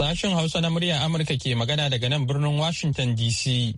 Sashen Hausa na muryar Amurka ke magana daga nan birnin Washington DC.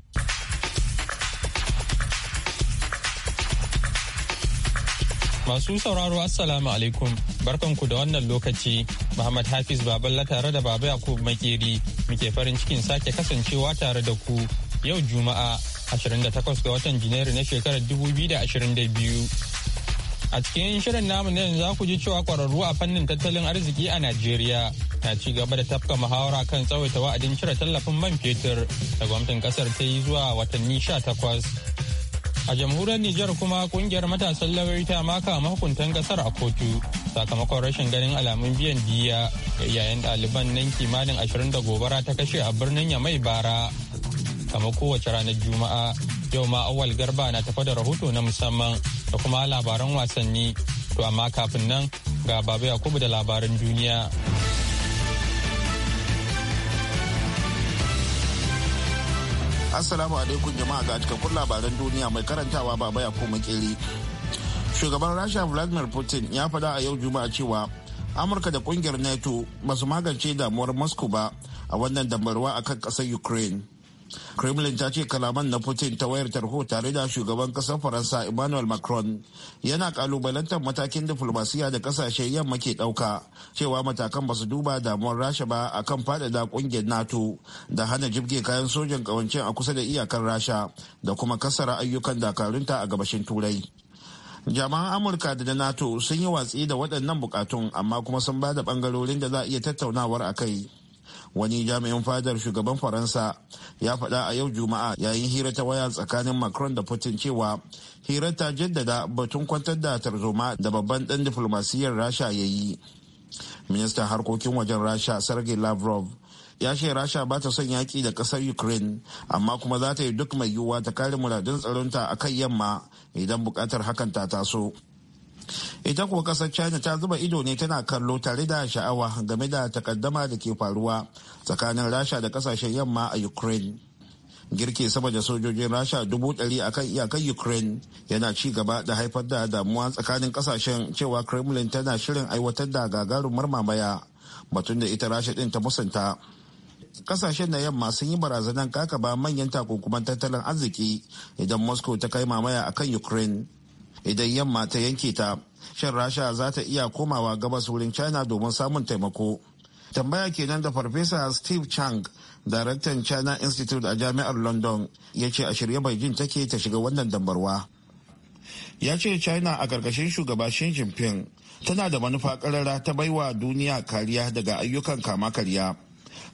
Masu sauraro Assalamu alaikum barkanku da wannan lokaci Muhammad Hafiz Baballa tare da Baba Yakub Makeri muke farin cikin sake kasancewa tare da ku yau Juma'a 28 ga watan Janairu na shekarar 2022. A cikin shirin namu ne za ku ji cewa kwararru a fannin tattalin arziki a Najeriya na ci gaba da tafka muhawara kan tsawaita wa'adin cire tallafin man fetur da gwamnatin kasar ta yi zuwa watanni sha takwas. A jamhuriyar Nijar kuma kungiyar matasan lauyoyi ta maka mahukuntan kasar a kotu sakamakon rashin ganin alamun biyan diya ga iyayen ɗaliban nan kimanin ashirin da gobara ta kashe a birnin Yamai bara. Kama kowace ranar Juma'a yau ma awal garba na tafa da rahoto na musamman da kuma labaran wasanni to amma kafin nan ga baba yakubu da labaran duniya assalamu alaikum jama'a ga cikakkun labaran duniya mai karantawa baba yakubu makeri shugaban rasha vladimir putin ya faɗa a yau juma'a cewa amurka da kungiyar nato ba su magance damuwar moscow ba a wannan damarwa akan ƙasar ukraine kremlin ta ce kalaman na putin ta wayar tarho tare da shugaban kasar faransa emmanuel macron yana kalubalantar matakin diflomasiya da kasashe yamma ke dauka cewa matakan ba su duba damuwar rasha ba a kan fadada ƙungiyar nato da hana jibge kayan sojan ƙawancen a kusa da iyakar rasha da kuma kasara ayyukan dakarunta a gabashin turai jama'an amurka da na nato sun yi watsi da waɗannan bukatun amma kuma sun ba da bangarorin da za a iya tattaunawar a kai wani jami'in fadar shugaban faransa ya faɗa a yau juma'a yayin hira ta waya tsakanin macron da putin cewa hirar ta jaddada batun kwantar da tarzoma da babban ɗan diflomasiyyar rasha ya yi ministan harkokin wajen rasha sergei lavrov ya ce rasha ba ta son yaƙi da ƙasar ukraine amma kuma za ta yi duk mai yiwuwa ta kare muradun tsaronta a kan yamma idan buƙatar hakan ta taso ita kuwa kasar china ta zuba ido ne tana kallo tare da sha'awa game da takaddama da ke faruwa tsakanin rasha da kasashen yamma a ukraine girke sama da sojojin rasha dubu ɗari a kan iyakar ukraine yana ci gaba da haifar da damuwa tsakanin kasashen cewa kremlin tana shirin aiwatar da gagarumar mamaya batun da ita rasha ɗin ta musanta kasashen na yamma sun yi barazanar kakaba manyan takunkuman tattalin arziki idan moscow ta kai mamaya akan ukraine idan yamma ta yanke ta shin rasha za ta iya komawa gabas wurin china domin samun taimako tambaya kenan da farfesa steve chang daraktan china institute a jami'ar london ya ce a shirye beijing take ta shiga wannan dambarwa ya ce china a karkashin shugaba xi jinping tana da manufa karara ta baiwa duniya kariya daga ayyukan kama karya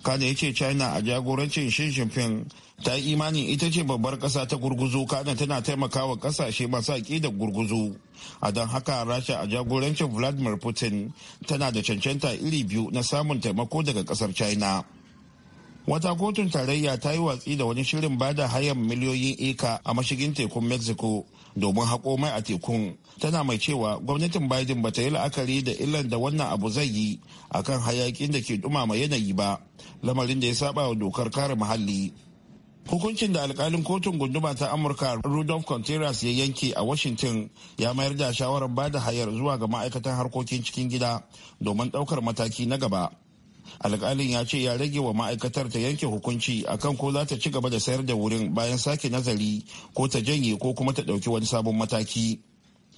kada ya ce china a jagorancin shi jinping ta yi imanin ita ce babbar kasa ta gurguzu kana tana taimakawa kasashe masu da gurguzu a don haka rasha a jagorancin vladimir putin tana da cancanta iri biyu na samun taimako daga kasar china wata kotun tarayya ta yi watsi da wani shirin bada hayan miliyoyin eka a mashigin tekun mexico domin haƙo mai a tekun tana mai cewa gwamnatin biden bata yi la'akari da illan da wannan abu zai yi akan hayaƙin da ke dumama yanayi ba lamarin da ya saba wa dokar kare muhalli hukuncin da alkalin kotun gunduma ta amurka rudolf contreras ya yanke a washington ya mayar da shawarar ba da hayar zuwa ga ma'aikatan harkokin cikin gida domin ɗaukar mataki na gaba alkalin ya ce ya rage wa ma'aikatar ta yanke hukunci akan ko za ta ci gaba da sayar da wurin bayan sake nazari ko ta janye ko kuma ta ɗauki wani sabon mataki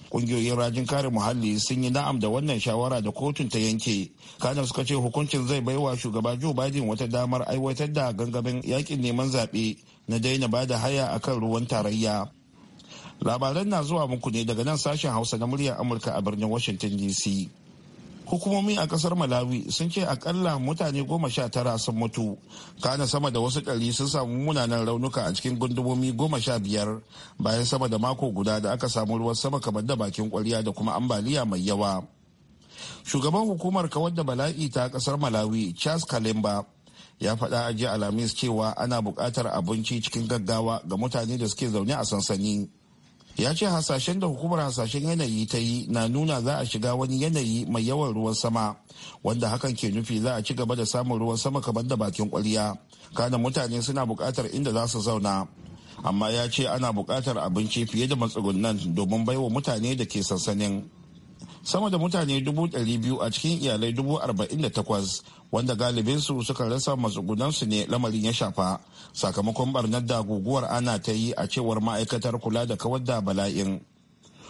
kungiyoyin rajin kare muhalli sun yi na'am da wannan shawara da kotun ta yanke kanan suka ce hukuncin zai baiwa shugaba joe biden wata damar aiwatar da gangamin yakin neman zaɓe na daina ba da haya akan ruwan tarayya labaran na zuwa muku ne daga nan sashen hausa na muryar amurka a birnin washington dc hukumomi a kasar malawi sun ce akalla mutane goma sha tara sun mutu kana sama da wasu ɗari sun samu munanan raunuka a cikin gundumomi goma sha biyar bayan sama da mako guda da aka samu ruwan sama kamar da bakin kwarya da kuma ambaliya mai yawa shugaban hukumar kawar da bala'i ta kasar malawi charles kalimba ya faɗa a jiya alhamis cewa ana buƙatar abinci cikin gaggawa ga mutane da suke zaune a sansani ya ce hasashen da hukumar hasashen yanayi ta yi na nuna za a shiga wani yanayi mai yawan ruwan sama wanda hakan ke nufi za a ci gaba da samun ruwan sama kamar da bakin kwalliya kana mutane suna bukatar inda za su zauna amma ya ce ana bukatar abinci fiye da matsugunan domin baiwa mutane da ke sansanin sama da mutane dubu ɗari biyu a cikin iyalai dubu arba'in da takwas wanda galibinsu suka rasa su ne lamarin ya shafa sakamakon barnar da guguwar ana ta yi a cewar ma'aikatar kula da kawar da bala'in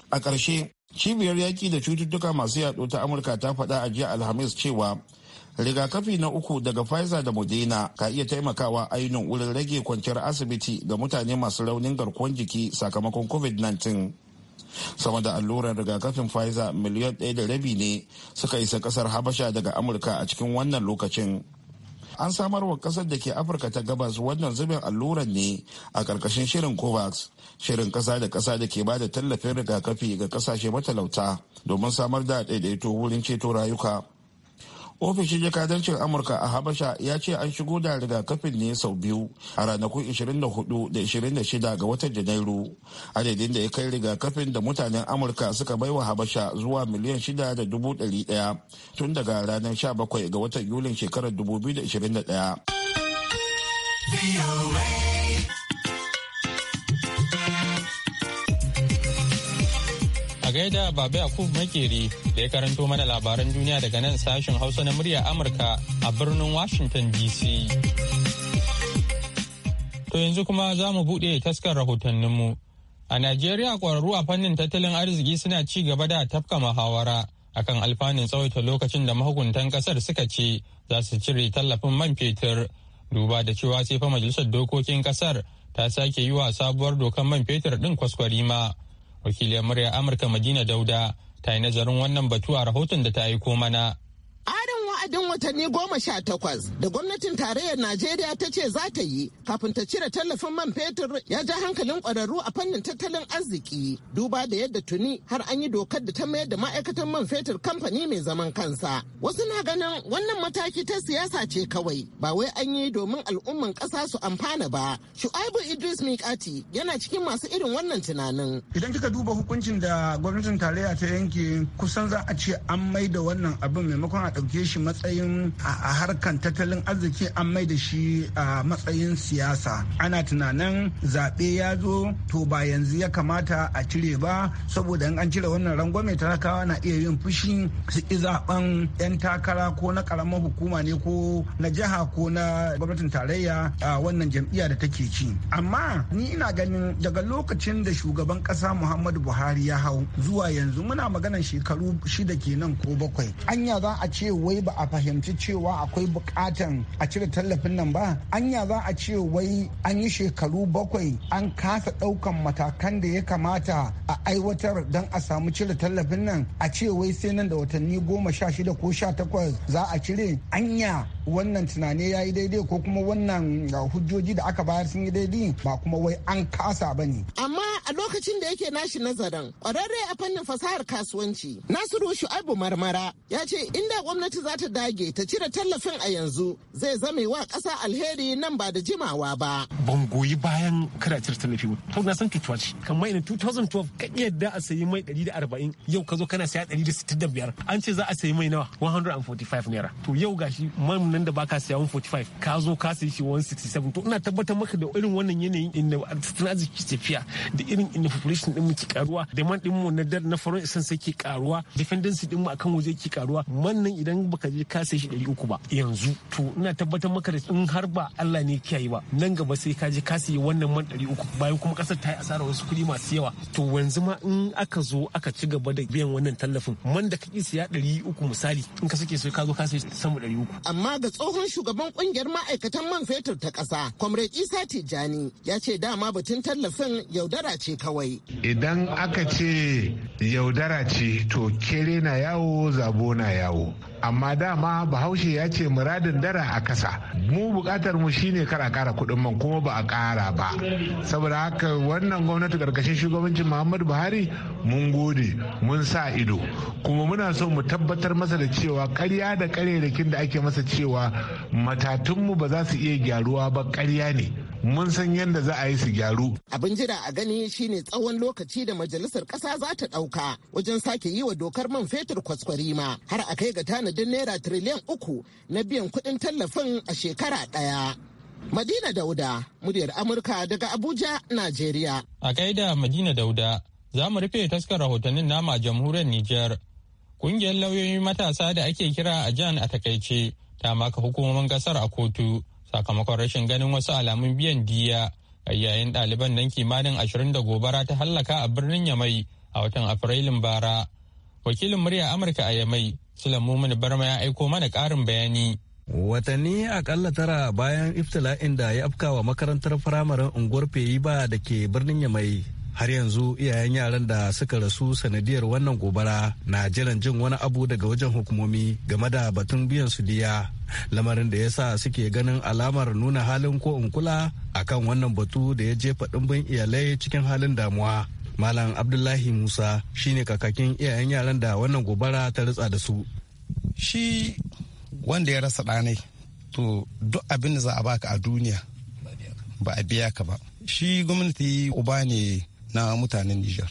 a ƙarshe cibiyar yaƙi da cututtuka masu yaɗo ta amurka ta faɗa a jiya alhamis cewa rigakafi na uku daga pfizer da modena ka iya taimakawa ainihin wurin rage kwanciyar asibiti ga mutane masu raunin garkuwar jiki sakamakon covid-19 sama da alluran rigakafin pfizer miliyan ɗaya da rabi ne suka isa ƙasar habasha daga amurka a cikin wannan lokacin an samar wa kasar da ke afirka ta gabas wannan zubin alluran ne a ƙarƙashin shirin covax shirin ƙasa da ƙasa da ke ba da tallafin rigakafi ga ƙasashe matalauta domin samar da daidaito wurin ceto rayuka ofishin jakadancin amurka a habasha ya ce an shigo da rigakafin ne sau biyu a ranakun 24 da 26 ga watan janairu adadin da ya kai rigakafin da mutanen amurka suka baiwa habasha zuwa miliyan 6.1 tun daga ranar 17 ga watan yulin shekarar 2021 A gaida baba Yakub Makeri da ya karanto mana labaran duniya daga nan sashen Hausa na murya Amurka a birnin Washington DC. To yanzu kuma za mu buɗe taskar rahotanninmu. A Najeriya ƙwararru a fannin tattalin arziki suna ci gaba da tafka muhawara akan alfanun tsawaita lokacin da mahukuntan ƙasar suka ce za su cire tallafin man fetur. Duba da cewa sai fa majalisar dokokin ƙasar ta sake yi wa sabuwar dokan man fetur ɗin kwaskwarima. wakiliyar murya amurka madina dauda ta yi nazarin wannan batu a rahoton da ta aiko mana wa'adin watanni goma sha takwas da gwamnatin tarayyar Najeriya ta ce za ta yi kafin ta cire tallafin man fetur ya ja hankalin kwararru a fannin tattalin arziki duba da yadda tuni har an yi dokar da ta mayar da ma'aikatan man fetur kamfani mai zaman kansa. Wasu na ganin wannan mataki ta siyasa ce kawai ba wai an yi domin al'umman ƙasa su amfana ba. Shu'aibu Idris Mikati yana cikin masu irin wannan tunanin. Idan kika duba hukuncin da gwamnatin tarayya ta yanke kusan za a ce an mai da wannan abin maimakon a ɗauke shi matsayin a harkan tattalin arziki an mai da shi a matsayin siyasa ana tunanin zaɓe ya zo to ba yanzu ya kamata a cire ba saboda in an cire wannan rangwame talakawa na iya yin fushi su ki zaben yan takara ko na karamar hukuma ne ko na jiha ko na gwamnatin tarayya a wannan jam'iyya da take ci amma ni ina ganin daga lokacin da shugaban ƙasa muhammadu buhari ya hau zuwa yanzu muna maganan shekaru shida kenan ko bakwai anya za a ce wai ba a fahimci cewa akwai bukatan a cire tallafin nan ba anya za a ce wai an yi shekaru bakwai an kasa daukan matakan da ya kamata a aiwatar don a samu cire tallafin nan a ce wai sai nan da watanni goma sha shida ko sha takwas za a cire anya wannan tunani ya yi daidai ko kuma wannan uh, hujjoji da aka bayar sun yi daidai ba kuma wai an kasa ba ne. Amma a lokacin da yake nashi nazarin ƙwararre a fannin fasahar kasuwanci Nasiru Shu'aibu Marmara ya ce inda gwamnati za ta dage ta cire tallafin a yanzu zai zame wa ƙasa alheri nan ba da jimawa ba. Ban goyi bayan kada cire tallafi ba. To na san cutuwa ce. Kamar ina 2012 ka yadda a sayi mai 140 yau ka zo kana saya 165. An ce za a sayi mai nawa 145 naira. To yau gashi man nan da baka saya 145 ka zo ka sayi shi 167. To ina tabbatar maka da irin wannan yanayin inda tattalin arziki tafiya da irin inda population din mu ke karuwa da man din mu na foreign essence ke karuwa dependency din mu akan waje ke karuwa. Man nan idan baka je ya kasa shi ɗari uku ba yanzu to ina tabbatar maka da in har ba Allah ne kiyaye ba nan gaba sai ka je kasa wannan man ɗari uku bayan kuma ƙasar ta yi asara wasu kudi masu yawa to yanzu ma in aka zo aka ci gaba da biyan wannan tallafin man da kake siya ɗari uku misali in ka sake so ka zo kasa sama ɗari uku. Amma ga tsohon shugaban ƙungiyar ma'aikatan man fetur ta kasa Comrade Isa Tijjani ya ce dama batun tallafin yaudara ce kawai. Idan aka ce yaudara ce to kere na yawo zabo na yawo amma da dama bahaushe ya ce muradin dara a kasa mu bukatar mu shine kar a kara kuɗin man kuma ba a kara ba saboda haka wannan gwamnati karkashin shugabancin muhammadu buhari mun gode mun sa ido kuma muna so mu tabbatar masa da cewa karya da karerakin da ake masa cewa matatunmu ba za su iya gyaruwa ba karya ne mun san yadda za a yi su gyaru. Abin jira a gani shine tsawon lokaci da majalisar ƙasa za ta ɗauka wajen sake yi wa dokar man fetur kwaskwarima har a kai ga tanadin naira tiriliyan uku na biyan kuɗin tallafin a shekara ɗaya. Madina Dauda, muryar Amurka daga Abuja, Najeriya. A kaida Madina Dauda, za mu rufe taskar rahotannin nama jamhuriyar Nijar. Kungiyar lauyoyin matasa da ake kira a jan a takaice ta maka hukumomin kasar a kotu sakamakon rashin ganin wasu alamun biyan diya a yayin ɗaliban nan kimanin ashirin da gobara ta hallaka a birnin yamai a watan afrilun bara wakilin murya amurka a yamai sulamu barma ya aiko mana ƙarin bayani watanni akalla tara bayan iftila'in da ya afkawa makarantar firamaren unguwar feyi ba da ke birnin yamai har yanzu iyayen yaran da suka rasu sanadiyar wannan gobara na jiran jin wani abu daga wajen hukumomi game da batun biyan su diya lamarin da ya sa suke ganin alamar nuna halin ko in kula kan wannan batu da ya jefa ɗumbin iyalai cikin halin damuwa malam abdullahi musa shine kakakin iyayen yaran da wannan gobara ta ritsa da su shi wanda ya rasa ɗanai to duk abin da za a baka a duniya ba a biya ka ba shi gwamnati uba ne na mutanen Nijar.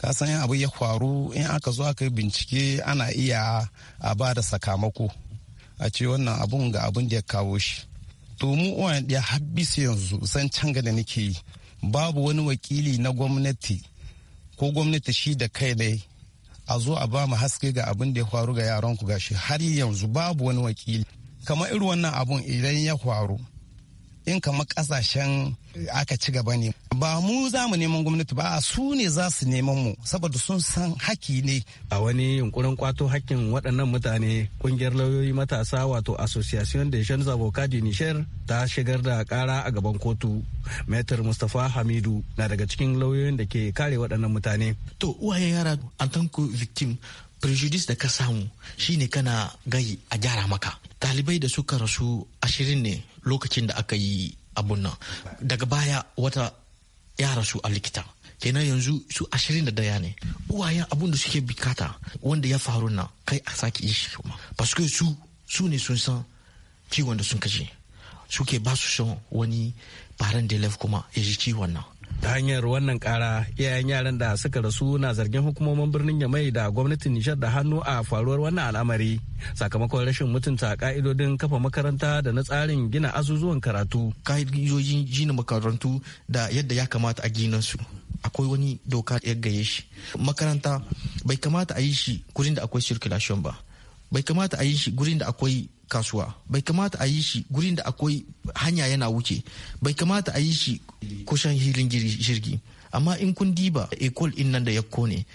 ka san yin abu ya faru in aka zo aka yi bincike ana iya a ba da sakamako a ce wannan abun ga abun da ya kawo shi to mu uwan ya habbisa yanzu san canga da nake yi babu wani wakili na gwamnati ko gwamnati shi da kai dai a zo a ba mu haske ga abin da ya faru ga yaran ku gashi har yanzu babu wani wakili kamar irin wannan abun idan ya faru in kamar kasashen aka ci gaba ne ba mu za mu neman gwamnati ba su ne za su neman mu saboda sun san haki ne a wani yunkurin kwato hakkin waɗannan mutane kungiyar lauyoyi matasa wato association de jeunes avocats du niger ta shigar da kara a gaban kotu metar mustapha hamidu na daga cikin lauyoyin da ke kare waɗannan mutane to uwaye yara an tanko victim prejudice da ka samu shine kana gayi a gyara maka Ɗalibai da suka rasu ashirin ne lokacin da aka yi abun nan daga baya wata yara su a likita kenan yanzu su ashirin da daya ne uwayen abun da suke bukata wanda ya faru na kai a sake yi shi kuma paske su su ne sun san ciwon da sun kashe suke ba su son wani baran da kuma ya ji ciwon nan ta hanyar wannan kara iyayen yaran da suka rasu na zargin hukumomin birnin yamai da gwamnatin nishar da hannu a faruwar wannan al'amari sakamakon rashin mutunta ka'idodin kafa makaranta da na tsarin gina azuzuwan karatu ka'idodin gina makarantu da yadda ya kamata a gina su akwai wani doka ya gaye shi makaranta bai kamata a yi shi gurin da akwai circulation ba bai kamata a yi shi gurin da akwai kasuwa bai kamata a yi shi gurin da akwai hanya yana wuce bai kamata a yi shi kusan hilin jirgi amma in kun diba ekol in nan da ya kone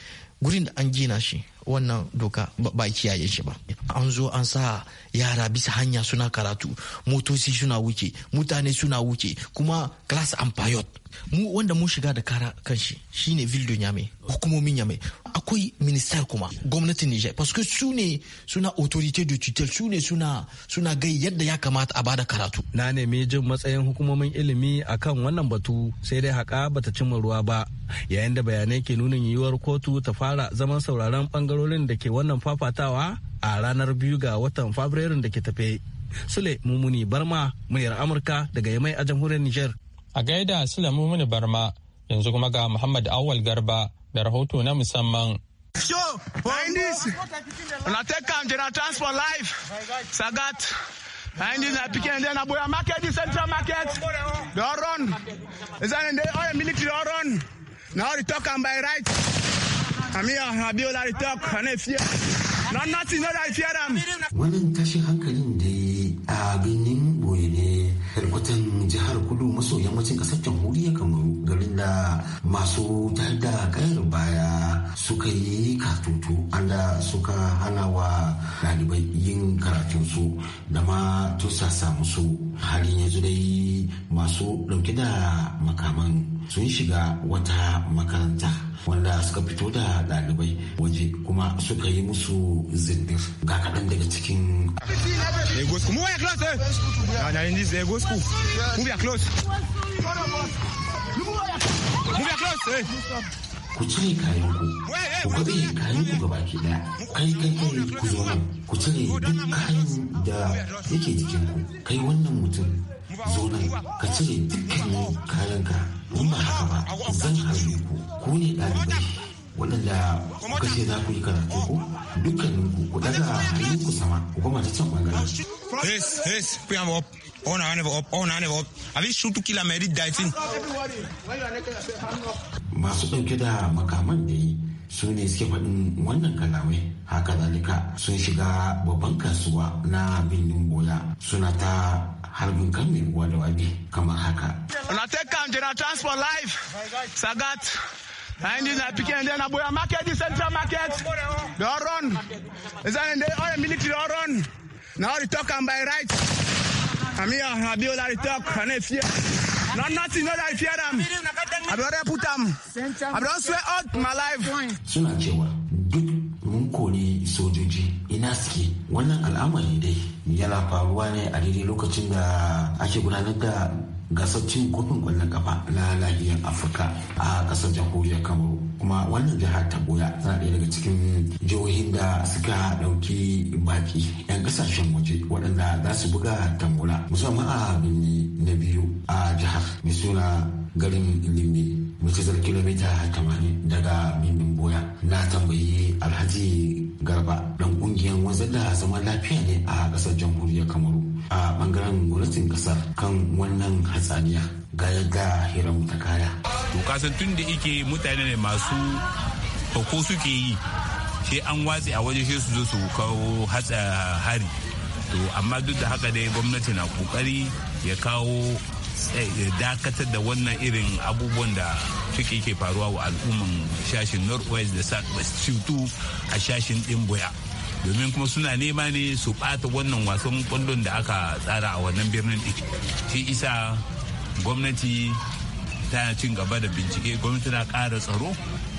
gurin da an gina shi wannan doka ba kiyaye shi ba an zo an sa yara bisa hanya suna karatu motoci suna wuce mutane suna wuce kuma class and pilot mu wanda mun shiga da kara kanshi shine vildo nyame hukumomin nyame akwai minister kuma gwamnatin niger parce que su ne suna autorité de tutelle su ne suna suna gai yadda ya kamata a bada karatu na nemi jin matsayin hukumomin ilimi akan wannan batu sai dai haka bata cimma ruwa ba yayin da bayanai ke nuna yiwuwar kotu ta fara zaman sauraron bangaren matsalolin da ke wannan fafatawa a ranar biyu ga watan fabrairun da ke tafe sule mumuni barma muryar amurka daga yamai a jamhuriyar niger a gaida sule mumuni barma yanzu kuma ga muhammad awal garba da rahoto na musamman Show, this, transport life, Sagat, and this picking then Abuja market, the central market, they run. Is that in the oil oh, military run? Now they talk and by right. Wannan tashin hankalin da a birnin Boye ne rikutan jihar Kudu maso yammacin kasar jamhuriyar Kamaru garin da masu ta da kayar baya suka yi katutu anda suka hana wa ɗalibai yin karatunsu da ma tusasa musu halin yanzu dai masu ɗauke da makaman sun shiga wata makaranta wanda suka fito da ɗalibai waje kuma suka yi musu zindir ga kaɗan daga cikin eh? eh? ku cire kayan ku eh, ku kwabe kayan ku gaba ke daya kai kai kai ku zo nan ku cire duk kayan da yake jikin ku kai wannan mutum zo nan ka cire dukkanin kayan ka ni malama zan harbe ku ku ne ɗalibai waɗanda kuka ce za ku yi karatu ku dukkanin ku ku daga hannun ku sama ku koma ta can ɓangaren. Yes, yes, put your up. On and up, on and up. Have you shoot to kill a married dieting? Masu ɗauke da makaman da yi su ne suke faɗin wannan kalamai haka zalika sun shiga babban kasuwa na birnin bola suna ta harbin kan mai uwa da wabi haka. Unateka mjina transport live, Sagat, Hindi na pick and then Abuja market, the central market, they all run. Is all military all run? Now they talk and by right. I'm here, I talk and if you nothing, no life here them. I be all don't swear out my life. Suna cewa duk mun ni sojoji ina wannan al'amari dai yana faruwa ne a daidai lokacin da ake gudanar da gasar cin kofin kwallon kafa na nahiyar afirka a kasar jamhuriyar kamaru kuma wannan jihar ta goya tana ɗaya daga cikin jihohin da suka ɗauki baki 'yan kasashen waje waɗanda za su buga tambola musamman a birni na biyu a jihar mai suna garin Limi mutuzar kilomita tamanin daga Mimin Boya. Na tambayi Alhaji Garba dan kungiyar wanzar da zaman lafiya ne a kasar jamhuriyar Kamaru a bangaren gwamnatin kasar kan wannan hatsaniya ga yadda hiran ta kaya. To kasan tun da ike mutane ne masu ko suke yi sai an watse a waje sai su zo su kawo hatsa hari to amma duk da haka dai gwamnati na kokari ya kawo Eh, dakatar da wannan irin abubuwan da suke ke faruwa wa al'umman shashin northwest da southwest cutu a shashin din boya domin kuma suna nema ne su bata wannan wasan kwallon da aka tsara a wannan birnin ɗin shi isa gwamnati ta cin gaba da bincike gwamnati na ƙara tsaro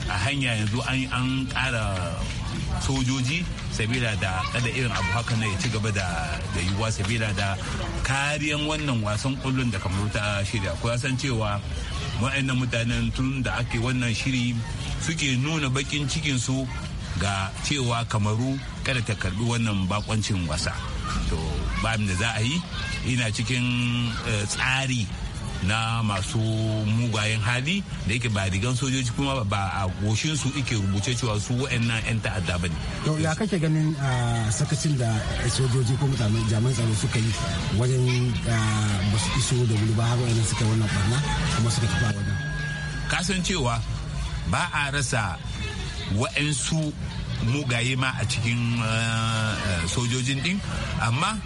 a hanya yanzu an kara. sojoji sabila da kada irin abu haka na ya ci gaba da yiwuwa sabila da kariyan wannan wasan kullun da kamar ta shirya ko san cewa wa'annan mutanen tun da ake wannan shiri suke nuna bakin su ga cewa kamaru kada ta karbi wannan bakoncin wasa to ba da za a yi ina cikin eh, tsari na masu mugayen hali da yake ba rigan sojoji kuma ba a goshin su ike rubuce cewa su wa'annan 'yan ta'adda ba ne. to ya kake ganin sakacin da sojoji ko mutane jami'an tsaro suka yi wajen ba su iso da wuri ba har wa'annan suka wannan barna kuma suka tafi a wajen. kasancewa ba a rasa wa'ansu mugaye ma a cikin sojojin din amma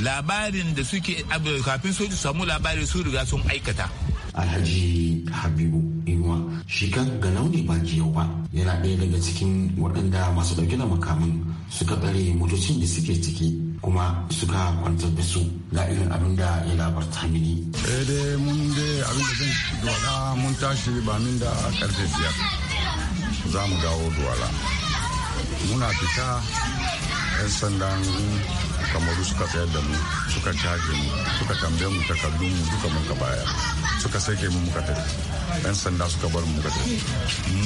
labarin da suke kafin su samu labari su riga sun aikata alhaji habibu inuwa shi kan ga launi ba jiyau ba yana ɗaya daga cikin waɗanda masu ɗauke da makamin suka tsare motocin da suke ciki kuma suka kwantar da su ga irin abin da ya labarta mini. Ede, eh, dai mun dai abin da zan duwala mun tashi ba min da karfe biyar za mu dawo duwala muna fita 'yan sandan kamaru suka tsayar da mu suka caje mu suka tambaye mu takardun mu duka mun ka baya suka sake mu muka tafi yan sanda suka bar mu muka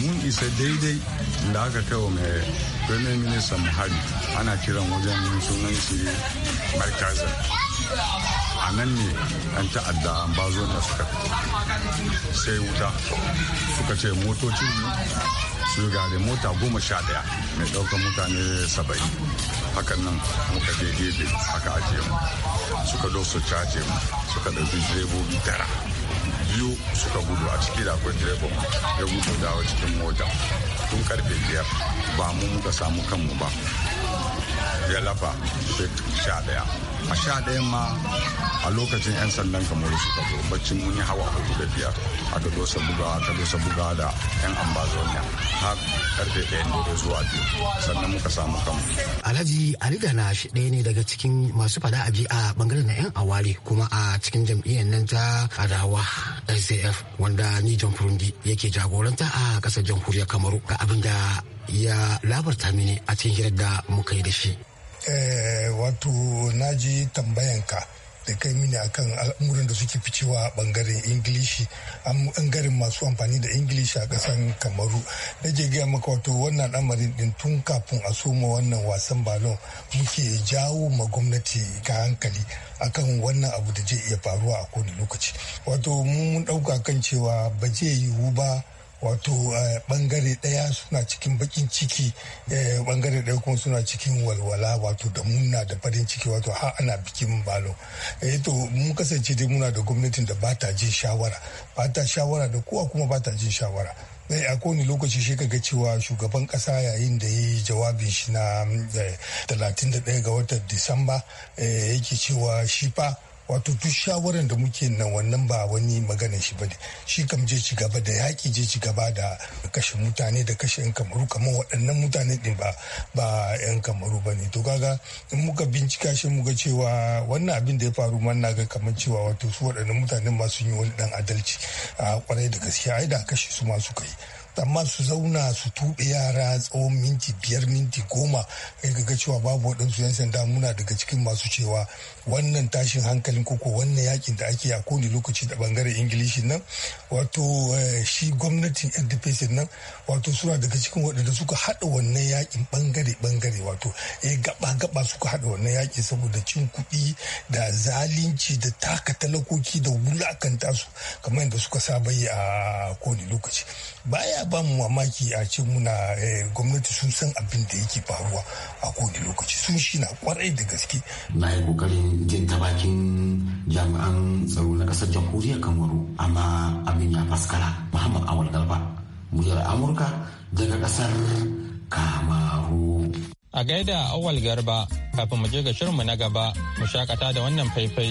mun isa daidai da aka kai wa mai premier minister muhari ana kiran wajen sunan shi markazin a nan ne an ta'adda an bazo da suka sai wuta suka ce motocin su ga da mota goma sha daya mai ɗaukar mutane saba'in hakan nan muka je gefe aka ajiye mu suka zo su caje mu suka ɗauki direbobi tara biyu suka gudu a ciki da akwai direban ya gudu a cikin mota tun karfe biyar ba mu muka samu kanmu ba ya lafa sha ɗaya a sha ɗayan ma a lokacin 'yan sandan kamar su ka zo baccin mun yi hawa hudu da biyar aka dosa buga dosa buga da 'yan ambazonia, har karfe ɗayan dare zuwa biyu sannan muka samu kamu. alhaji ali shi ɗaya ne daga cikin masu fada aji a bangaren na 'yan awari kuma a cikin jam'iyyar nan ta adawa sdf wanda ni john furundi yake jagoranta a ƙasar jamhuriyar kamaru ga abin da ya labarta mini a cikin hirar da muka yi da shi Eh, wato na ji tambayanka da kai mini akan al'amuran da suke ficewa a bangaren ingilishi a bangaren masu amfani da ingilishi a kasan kamaru da je gaya maka wato wannan al'amarin din tun kafin a soma wannan wasan balon muke jawo ma gwamnati ga hankali akan wannan abu da zai iya faruwa a kowane lokaci wato mun dauka kan cewa ba zai yiwu ba wato bangare eh, daya suna cikin bakin ciki bangare eh, daya kuma suna cikin walwala wato da muna da farin ciki wato har ana bikin balo eh, to mun kasance dai muna da gwamnatin da ba ta jin shawara ba ta shawara da kowa kuma ba ta jin shawara dai a kowane lokaci shi kaga cewa shugaban kasa yayin da ya yi jawabin shi na 31 ga watan disamba yake cewa shi fa wato duk shawaran da muke nan wannan ba wani maganin shi bane shi kam je ci gaba da yaƙi je ci gaba da kashe mutane da kashe yan kamaru kamar waɗannan mutane din ba ba yan kamaru bane to kaga in muka bincika shi muka cewa wannan abin da ya faru man na ga kamar cewa wato su waɗannan mutanen masu sun yi wani dan adalci a kwarai da gaskiya ai da kashe su ma suka yi amma su zauna su tuɓe yara tsawon minti biyar minti goma ga cewa babu waɗansu 'yan sanda muna daga cikin masu cewa wannan tashin hankalin koko wannan yakin da ake a kowane lokaci da bangaren ingilishi nan wato eh, shi gwamnatin ndpc nan wato suna daga cikin waɗanda suka haɗa wannan yakin bangare-bangare wato gaba-gaba eh, suka haɗa wannan yakin saboda cin kuɗi da zalunci da taka talakoki da wulakanta su kamar yadda suka saba yi a kowane lokaci baya ba mu mamaki a ce muna eh, gwamnati sun san abin da yake faruwa a kowane lokaci sun shi na kwarai da gaske. Na yi kokarin jin ta bakin jami'an tsaro na kasar jamhuriyar Kamaru amma abin ya faskara Muhammad Awal Garba muryar Amurka daga kasar Kamaru. A gaida Awal Garba kafin mu je ga shirinmu na gaba mu shakata da wannan faifai.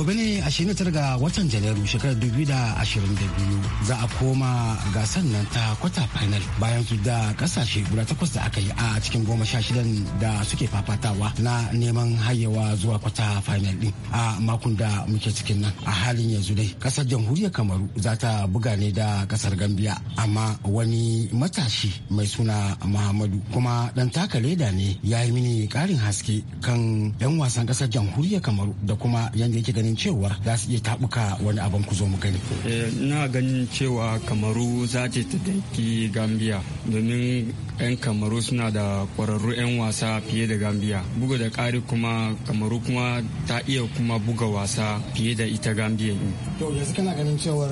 gobe ne a 29 ga watan janairu shekarar 2022 za a koma gasar nan ta kwata final bayan su da kasashe guda takwas da aka yi a cikin goma sha shidan da suke fafatawa na neman hayewa zuwa kwata final din a makon da muke cikin nan a halin yanzu dai kasar jamhuriyar kamaru za ta buga ne da kasar gambia amma wani matashi mai suna muhammadu kuma dan taka leda ne ya yi mini karin haske kan yan wasan kasar jamhuriyar kamaru da kuma yanda yake gani ganin cewa za su iya tabuka wani abin ku zo mu gani ina eh, ganin cewa kamaru za ta danki gambia domin 'yan kamaru suna da kwararru 'yan wasa fiye da gambia buga da ƙari kuma kamaru kuma ta iya kuma buga wasa fiye da ita gambia to yanzu kana ganin cewar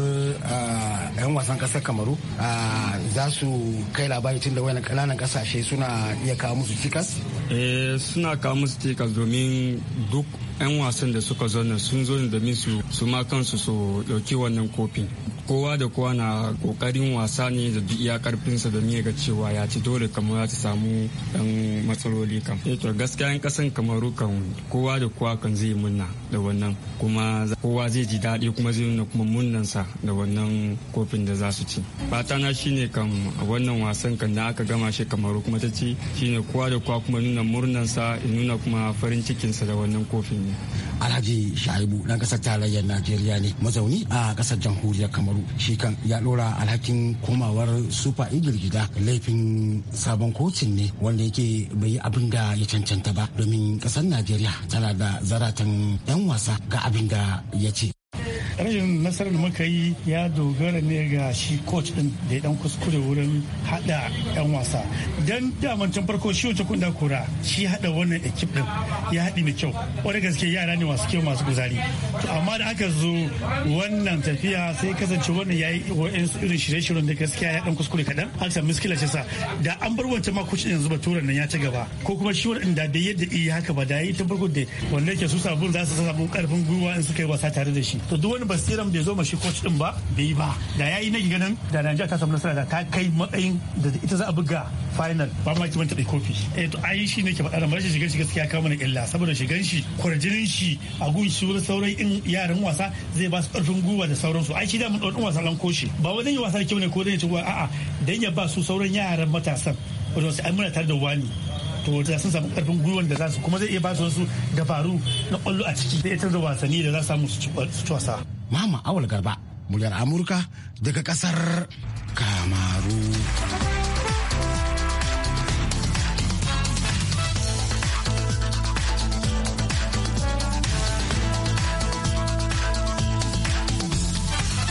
'yan ah, wasan ƙasar kamaru ah, za su kai labari tun da wani ƙananan ƙasashe suna iya kawo musu cikas eh suna kawo musu cikas domin duk 'yan wasan da suka zauna sun zo domin su su ma kansu su dauki wannan kofin kowa da kowa na kokarin wasa ne da duk iya karfinsa da ga cewa ya ci dole kamar ya ci samu dan matsaloli kam eh, to gaskiya yan kasan kamaru kan kowa da kowa kan zai munna da wannan kuma kowa zai ji daɗi kuma zai nuna kuma munnansa da wannan kofin da za su ci fata na shine kan wannan wasan kan da aka gama shi kamaru kuma ta ci shine kowa da kowa kuma nuna murnansa ya nuna kuma farin cikinsa da wannan kofin alhaji shaibu dan kasar tarayyar najeriya ne mazauni a kasar jamhuriyar kamaru shi kan ya dora alhakin komawar super eagle gida laifin sabon kocin ne wanda yake bai yi abin da ya cancanta ba domin kasar najeriya tana da zaratan yan wasa ga abin da ya ce rashin nasarar da muka yi ya dogara ne ga shi coach din da ya dan kuskure wurin hada yan wasa dan daman can farko shi wancan kunda kura shi hada wannan ekip din ya haɗi mai kyau wani gaske yara ne masu kyau masu kuzari to amma da aka zo wannan tafiya sai kasance wannan ya yi wa'insu irin shirye-shiryen da gaskiya ya dan kuskure kaɗan aka samu miskila ce sa da an bar wancan ma kucin yanzu baturan nan ya ci gaba ko kuma shi wannan da da yadda iya haka ba da yi ta farko da wanda ke su sabon za su samu karfin gwiwa in suka yi wasa tare da shi to duk wani basiran bai zo mashi shi coach din ba bai yi ba da ya yi nagi ganin da Najeriya ta samu nasara da ta kai matsayin da ita za a buga final ba ma kiman taɓa kofi eh to ai shi ne ke faɗa da rashin shigan shi gaskiya kawo mana illa saboda shigan shi kwarjinin shi a gun shi wurin sauran in yaran wasa zai ba su ƙarfin gwiwa da sauransu ai shi da mun ɗauɗin wasa lanko shi ba wani yi wasa da kyau ne ko dan ya ci gwa a'a dan ya ba su sauran yaran matasan wato sai an muna tare da wani to da sun samu karfin gwiwan da za su kuma zai iya ba su wasu dabaru na kwallo a ciki da ita da wasanni da za su samu su ci wasa. Mama Awal Garba, muryar Amurka daga kasar Kamaru.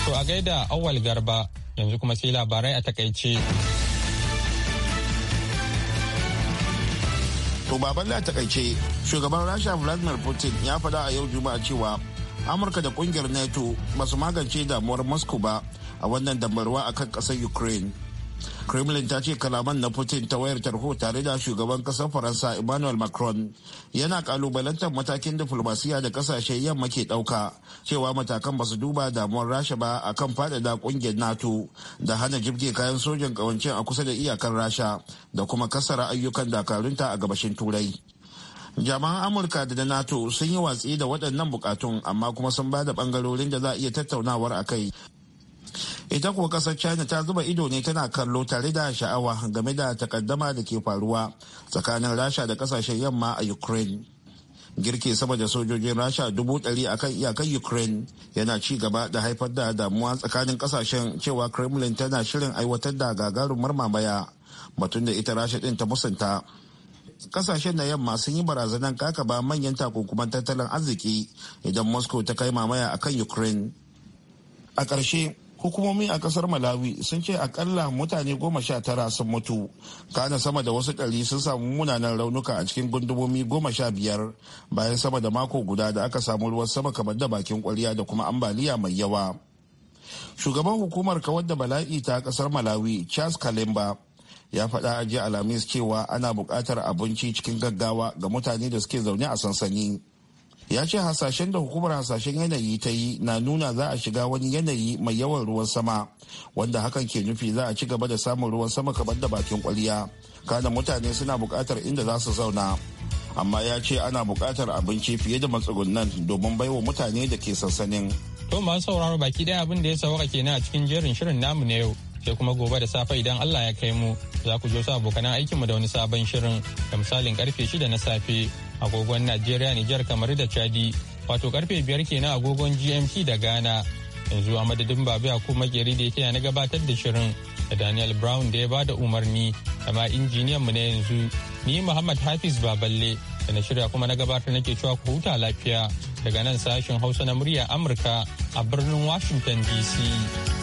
To a gaida Awal Garba yanzu kuma sai labarai a takaice. To baban da takaice shugaban Rasha Vladimir Putin ya faɗa a yau Juma'a cewa amurka da kungiyar nato ba su magance damuwar moscow ba a wannan damarwa a kan ƙasar ukraine kremlin ta ce kalaman na putin ta wayar tarho tare da shugaban ƙasar faransa emmanuel macron yana kalubalantar matakin diflomasiya da ƙasashe yamma ke ɗauka cewa matakan ba su duba damuwar rasha ba a kan faɗaɗa ƙungiyar nato da hana jibge kayan sojan ƙawancen a kusa da iyakar rasha da kuma kasara ayyukan dakarunta a gabashin turai jami'an amurka da nato sun yi watsi da waɗannan bukatun amma kuma sun ba da ɓangarorin da za a iya tattaunawar a kai ita kuwa ƙasar china ta zuba ido ne tana kallo tare da sha'awa game da takaddama da ke faruwa tsakanin rasha da ƙasashen yamma a ukraine girke sama da sojojin rasha dubu ɗari a kan iyakar ukraine yana ci gaba da haifar da damuwa tsakanin ƙasashen cewa kremlin tana shirin aiwatar da gagarumar mamaya batun da ita rasha ɗin ta musanta kasashen na yamma sun yi barazanar kaka ba manyan takunkuman tattalin arziki idan moscow ta kai mamaya a kan ukraine a ƙarshe hukumomi a kasar malawi sun ce akalla mutane goma sha tara sun mutu kana sama da wasu ɗari sun samu munanan raunuka a cikin gundumomi goma sha biyar bayan sama da mako guda da aka samu ruwan sama kamar da bakin kwarya da kuma ambaliya mai yawa shugaban hukumar kawar da bala'i ta kasar malawi charles kalimba ya faɗa a jiya alhamis cewa ana buƙatar abinci cikin gaggawa ga mutane da suke zaune a sansani ya ce hasashen da hukumar hasashen yanayi ta yi na nuna za a shiga wani yanayi mai yawan ruwan sama wanda hakan ke nufi za a ci gaba da samun ruwan sama kamar da bakin kwalliya kana mutane suna buƙatar inda za su zauna amma ya ce ana buƙatar abinci fiye da matsugunan domin bai wa mutane da ke sansanin to masu sauraro baki daya abin da ya sauka kenan a cikin jerin shirin namu na yau sai kuma gobe da safe idan Allah ya kai mu za ku jo su abokanan aikinmu da wani sabon shirin da misalin karfe 6 na safe agogon Najeriya Nijar kamar da Chadi wato karfe 5 kenan agogon GMT da Ghana yanzu a madadin babu ko makeri da yake na gabatar da shirin da Daniel Brown da ya bada umarni da ma injiniyan mu na yanzu ni Muhammad Hafiz Baballe da na shirya kuma na gabatar nake cewa ku huta lafiya daga nan sashen Hausa na murya Amurka a birnin Washington DC.